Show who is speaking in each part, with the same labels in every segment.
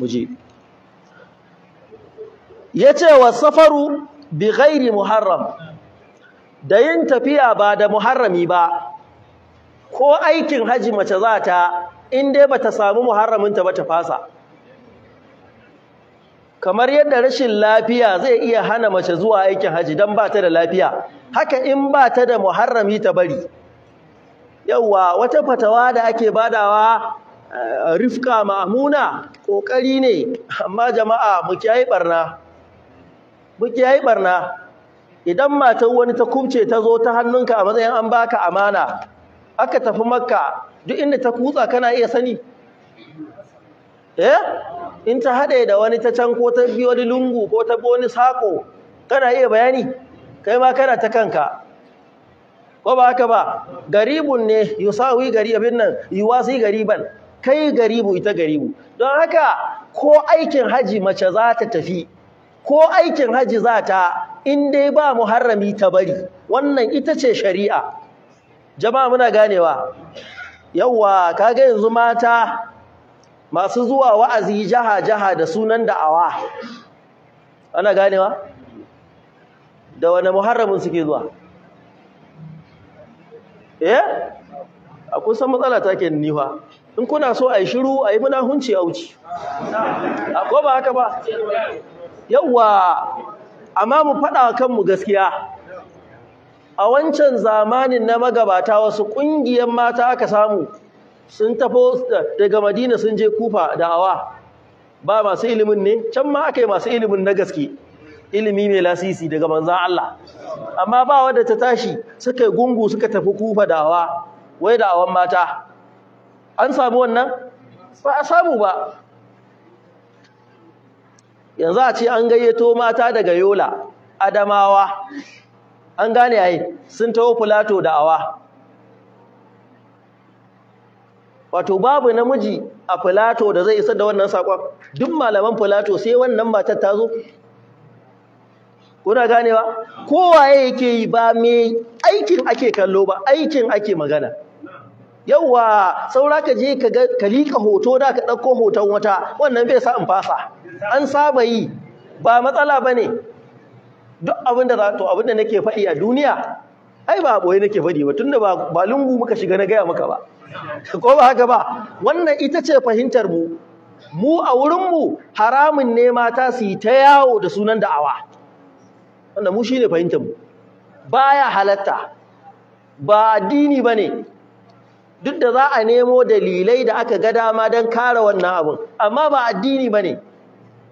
Speaker 1: muje yace wa safaru bi ghairi muharram da yin tafiya ba da muharrami ba ko aikin haji mace za ta in dai bata samu muharraminta ba ta fasa kamar yadda rashin lafiya zai iya hana mace zuwa aikin haji dan ba ta da lafiya haka in ba ta da muharrami ta bari yauwa wata fatawa da ake badawa Eh, rifka ma'amuna ƙoƙari ne amma jama'a mu kiyaye barna mu kiyaye barna idan matar wani ta kumce ta zo ta hannunka a matsayin an baka amana aka tafi makka duk inda ta kutsa kana iya sani eh in ta hade da wani ta can ko ta bi wani lungu ko ta bi wani saƙo kana iya bayani kai ma kana ta kanka ko ba haka ba garibun ne yusawi garibin nan yuwasi gariban kai garibu ita garibu don haka ko aikin haji mace za ta tafi ko aikin haji za ta in dai ba muharrami ta bari wannan ita ce shari'a jama'a muna ganewa yawwa kaga yanzu mata masu zuwa wa'azi jaha jaha da sunan da'awa ana ganewa da wani muharramin suke zuwa eh a kusan matsala take nifa in kuna so a yi shiru a yi munahunci ya wuce ko ba haka ba yawwa amma mu fada kanmu gaskiya a wancan zamanin na magabata wasu ƙungiyar mata aka samu sun tafo daga madina sun je kufa da awa ba masu ilimin ne can ma aka yi masu ilimin na gaske ilimi mai lasisi daga manzan Allah amma ba wadda ta tashi suka gungu suka tafi kufa da awa wai da awan mata an samu wannan ba a samu ba yanzu a ce an gayyato mata daga yola adamawa an gane yi sun taho filato da awa wato babu namiji a filato da zai isa da wannan sakon duk malaman filato sai wannan matar ta zo kuna ganewa kowaye yake yi ba mai aikin ake kallo ba aikin ake magana yauwa saura ka je ka liƙa hoto da ka ɗauko hoton wata wannan bai sa in fasa an saba yi ba matsala ba duk abin da za to abin da nake faɗi a duniya ai ba boye nake faɗi ba tunda ba lungu muka shiga na gaya maka ba ko ba haka ba wannan ita ce fahimtar mu mu a wurin mu haramun ne mata su yi ta yawo da sunan da'awa wanda mu shine fahimtar mu baya halatta ba addini bane duk da za a nemo dalilai da aka ga dama don kare wannan abin amma ba addini ba ne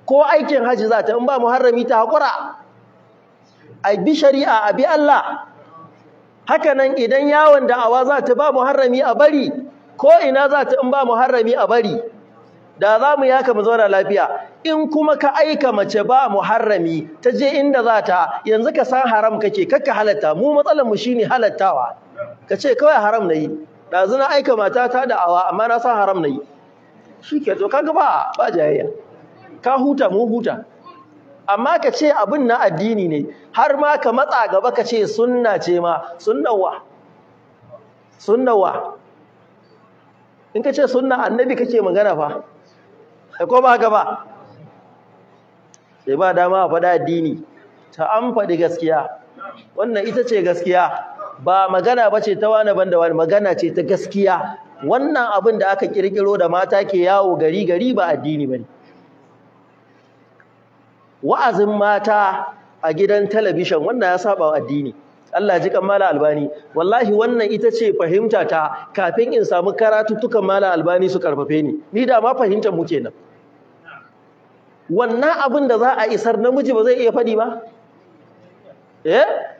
Speaker 1: ko aikin hajji za ta in ba muharrami ta haƙura a bi shari'a a bi Allah hakanan idan yawon da'awa za ta ba muharrami a bari ko ina za ta in ba muharrami a bari da za mu yaka mu zauna lafiya in kuma ka aika mace ba muharrami ta je inda za ta yanzu ka san haram kake kakka halatta mu matsalar mu ne halattawa ka ce kawai haram na yi ɗazu na aika mata ta awa amma na san haram na yi shi ke to kaga ba ba jayayya ka huta mu huta amma ka ce abin na addini ne har ma ka matsa gaba ka ce sunna ce ma sunnawa sunnawa in ka ce sunna annabi kake magana fa ko ba haka ba sai ba dama a faɗa addini ta an faɗi gaskiya wannan ita ce gaskiya ba magana ba ce ta wani banda wani magana ce ta gaskiya wannan abin da aka kirkiro da mata ke yawo gari gari ba addini ba ne wa'azin mata a gidan talabishin wannan ya saba wa addini Allah ji kan albani wallahi wannan ita ce fahimta ta kafin in samu karatuttukan mala albani su karfafe ni ni da ma fahimtar mu kenan wannan abin da za a isar namiji ba zai iya faɗi ba eh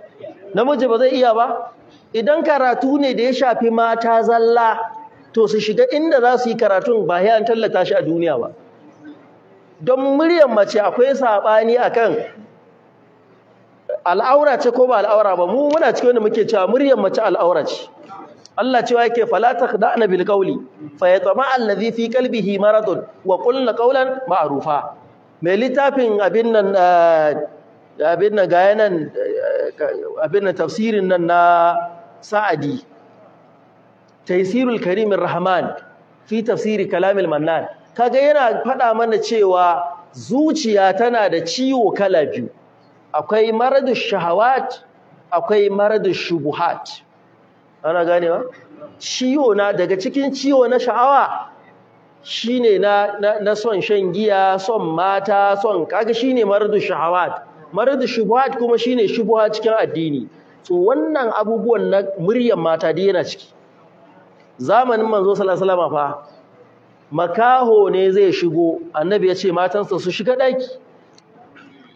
Speaker 1: namiji ba zai iya ba idan karatu ne da ya shafi mata zalla to su shiga inda za su yi karatun ba ya an tallata shi a duniya ba don muryar mace akwai saɓani akan al'aura ce ko ba al'aura ba mu muna cikin wanda muke cewa muryar mace al'aura ce Allah cewa yake fala takhda'na bil qawli fa tsama allazi fi qalbihi maradun wa qulna qawlan ma'rufa mai littafin abin nan eh, abin nan ga yanan abin da tafsirin nan na sa'adi taysirul karimir rahman fi tafsiri kalamil mannan kaga yana faɗa mana cewa zuciya tana da ciwo kala biyu akwai maradu shahawat akwai maradu shubuhat ana gane ba ciwo na daga cikin ciwo na sha'awa shine na son shan giya son mata son kaga shine maradu shahawat maradu shubuhat kuma shine shubuha cikin addini to wannan abubuwan na muryar mata da yana ciki zamanin manzo sallallahu alaihi wasallam fa makaho ne zai shigo annabi ya ce matansa su shiga daki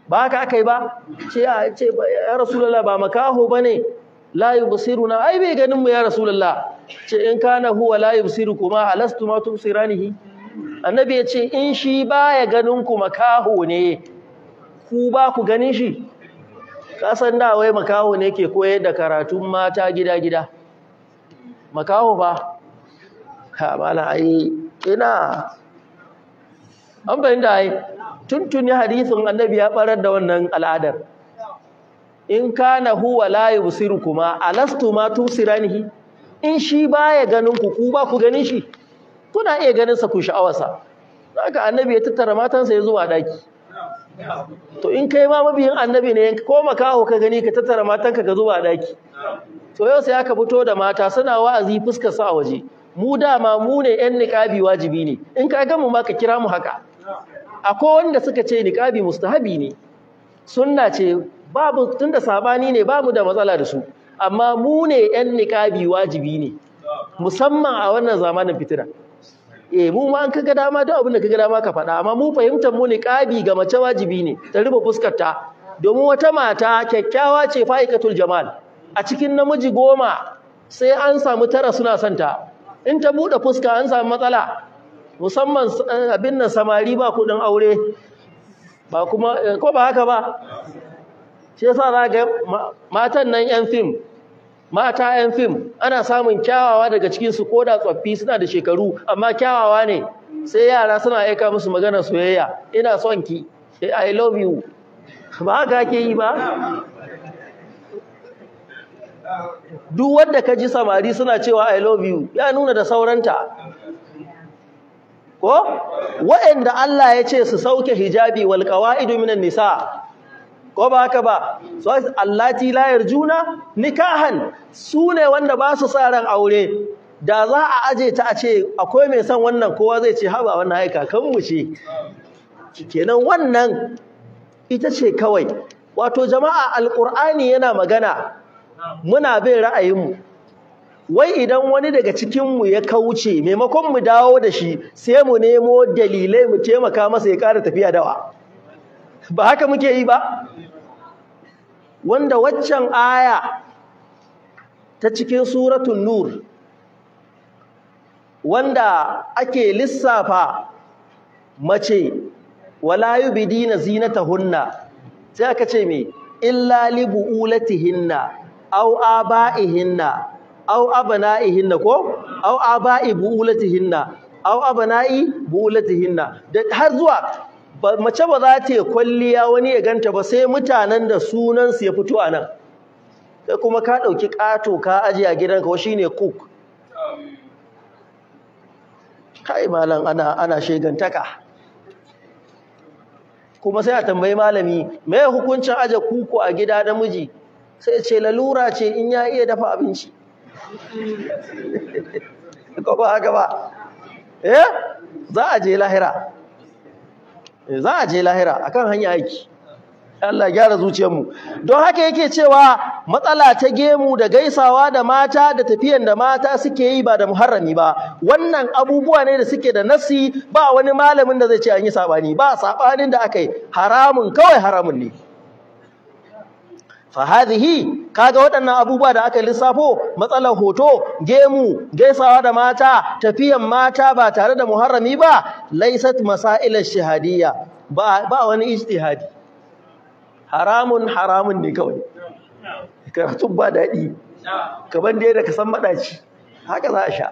Speaker 1: ba haka akai ba ce a ce ya rasulullah ba makaho bane la yubsiruna ai bai ganin mu ya rasulullah ce in kana huwa la kuma alastu ma tubsiranihi annabi ya ce in shi baya ganin ku makaho ne ku ba ku ganin shi kasan da wai makaho ne ke koyar da karatun mata gida-gida makaho ba ha mala ai ina an fahimta ai tuntuni hadisin annabi ya barar da wannan al'adar in kana huwa la kuma alastu ma tusiranihi in shi baya ganin ku ku ba ku ganin shi kuna iya ganin sa ku sha'awarsa haka annabi ya tattara matansa ya zuwa daki to in kai ma mabiyin annabi ne ko makaho ka gani ka tattara matanka ka zuba a daki to yau sai aka fito da mata suna wa'azi fuskar su a waje mu dama mu ne yan niqabi wajibi ne in ka ga mu ma ka kira mu haka akwai wanda suka ce niqabi mustahabi ne sunna ce babu tunda sabani ne babu da matsala da su amma mu ne yan niqabi wajibi ne musamman a wannan zamanin fitina eh mu ma an kaga dama da abin da kaga dama ka faɗa amma mu fahimtar mu ne ƙabi ga mace wajibi ne ta rufe fuskar ta domin wata mata kyakkyawa ce fa'ikatul jamal a cikin namiji goma sai an samu tara suna son ta in ta buɗe fuska an samu matsala musamman eh, abin nan samari ba kuɗin aure ba kuma eh, ko ba haka ba shi yasa za ga matan nan yan fim mata 'yan fim ana samun kyawawa daga cikinsu ko da tsoffi suna da shekaru amma kyawawa ne sai yara suna aika musu maganar soyayya ina son ki i love you ba haka ke yi ba duk wanda ka ji samari suna cewa i love you ya nuna da sauranta ko waɗanda Allah ya ce su sauke hijabi wal qawaidu nisa ko ba haka ba so allati la yarjuna nikahan su ne wanda ba su sa aure da za a aje ta a ce akwai mai son wannan kowa zai ce haba wannan haika kan mu ce kenan wannan ita ce kawai wato jama'a alqur'ani yana magana muna bin mu. wai idan wani daga cikin mu ya kauce maimakon mu dawo da shi sai mu nemo dalilai mu taimaka masa ya ƙara tafiya dawa ba haka muke yi ba wanda waccan aya ta cikin suratul nur wanda ake lissafa mace wala ta zinatahunna sai aka ce me illa buulatihinna aw abaihinna aw abnaihinna ko aw abai buulatihinna aw abnai buulatihinna har zuwa mace ba za ta yi kwalliya wani ya ganta ba sai mutanen da sunansu ya fito a nan kai kuma ka ɗauki ƙato ka ajiye a gidanka wa shine cook kai malam ana shegantaka kuma sai a tambayi malami me hukuncin aje kuku a gida namiji sai ce lalura ce in ya iya dafa abinci ko ba haka ba eh? za a je lahira Eh, za a je lahira akan hanyar aiki Allah gyara zuciyarmu don haka yake cewa matsala ta gemu da gaisawa da mata da tafiyan da mata suke yi ba da muharrami ba wannan abubuwa ne da suke da nasi ba wani malamin da zai ce an yi sabani ba sabanin da aka yi haramun kawai haramun ne fahadhihi kaga waɗannan abubuwa da aka lissafo matsalar hoto gemu gaisawa da mata tafiyan mata ba tare da muharrami ba Laisat masail ash-shahadiyya ba ba wani ijtihadi haramun haramun ne kawai karatu ba dadi kaban da ka san madaci haka za a sha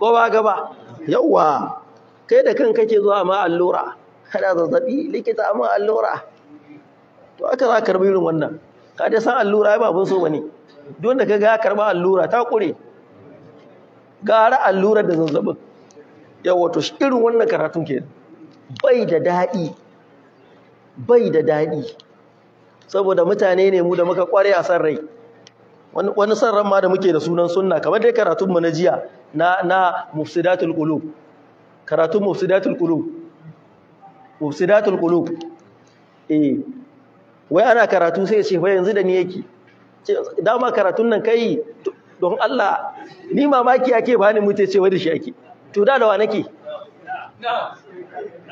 Speaker 1: ko ba gaba yawa kai da kanka ke zuwa ma allura kada zazzabi likita amma allura to aka za karbi irin wannan ka dai san allura ba abin so bane don da kaga ya karba allura ta kure gara allura da zazzabin yawa to irin wannan karatun ke bai da daɗi bai da daɗi saboda mutane ne mu da muka kware a san rai wani san ran ma da muke da sunan sunna kamar dai karatunmu na jiya na mufsidatul qulub karatun mufsidatul qulub mufsidatul qulub eh wai ana karatu sai ce wai yanzu da ni yake dama karatun nan kai don Allah ni mamaki ake bani mutai ce wai da shi ake to da dawa nake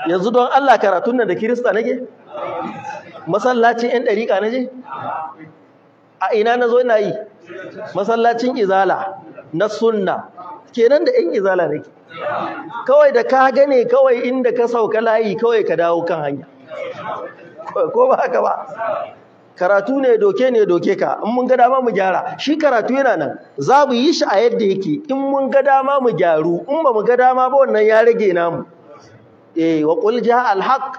Speaker 1: yanzu don Allah karatun nan da kirista nake masallacin yan dariƙa naje a ina nazo ina yi masallacin izala na sunna kenan da yan izala nake kawai da ka gane kawai inda ka sauka layi kawai ka dawo kan hanya ko ba haka ba karatu ne doke ne doke ka in mun ga dama mu gyara shi karatu yana nan za mu yi shi a yadda yake in mun ga dama mu gyaru in ba mu ga dama ba wannan ya rage namu eh wa qul jaa al haqq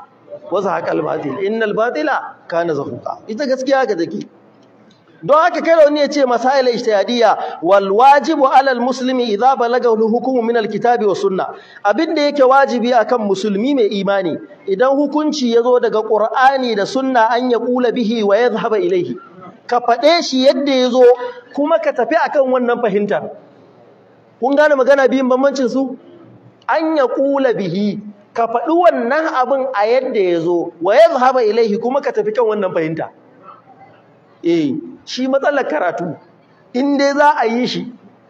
Speaker 1: wa zahaqa al batil innal batila kana zahuqa ita gaskiya ga take don haka kai wani ya ce masail ijtihadiyya wal wajibu alal muslimi idza balaga hukumu min kitabi wa sunna abin da yake wajibi akan musulmi mai imani idan hukunci yazo daga qur'ani da sunna an ya kula bihi wa yadhhaba ilayhi ka fade shi yadda yazo kuma ka tafi akan wannan fahimtar kun gane magana biyun bambancin su an ya kula bihi ka faɗi wannan abin a yadda yazo wa yadhhaba ilayhi kuma ka tafi kan wannan fahimta eh shi matsalar karatu in za a yi shi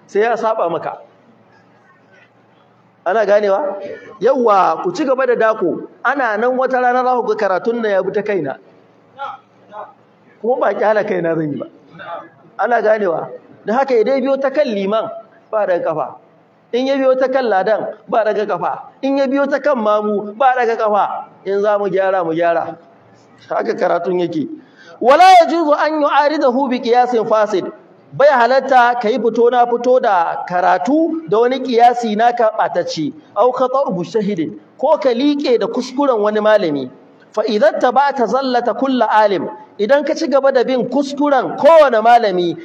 Speaker 1: sai ya saba maka ana ganewa yawa ku ci gaba da dako ana nan wata rana za ku ga karatun da ya bi ta kaina kuma ba kyala kaina zan yi ba ana ganewa da haka idan biyo ta kan liman ba daga kafa in ya biyo ta kan ladan ba daga kafa in ya biyo ta kan mamu ba daga kafa in za mu gyara mu gyara haka karatun yake wala ya yajuzu an da bi ƙiyasin fasid bai halatta ka yi fito na fito da karatu da wani kiyasi ka batacci au khata'u mushahidin ko ka liƙe da kuskuren wani malami fa idan ta zallata kulla alim idan ka ci gaba da bin kuskuren kowane malami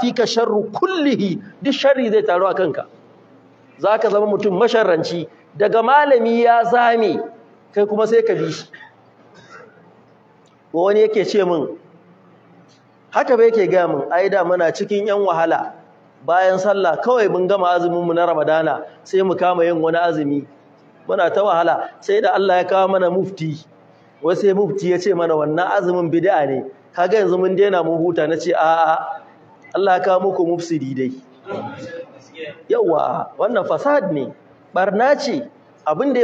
Speaker 1: fi ka sharru kullihi duk sharri zai taru a kanka Za ka zama mutum masharranci daga malami ya zame kai kuma sai ka bi shi wani yake ce min haka bai yake gaya min ai da muna cikin yan wahala bayan sallah kawai mun gama azumin mu na Ramadana sai mu kama yin wani azumi muna ta wahala sai da Allah ya kawo mana mufti wai sai mufti ya ce mana wannan azumin bid'a ne kaga yanzu mun daina mun huta nace a'a Allah ya kawo muku mufsidi dai yawa wannan fasad ne barna ce abin da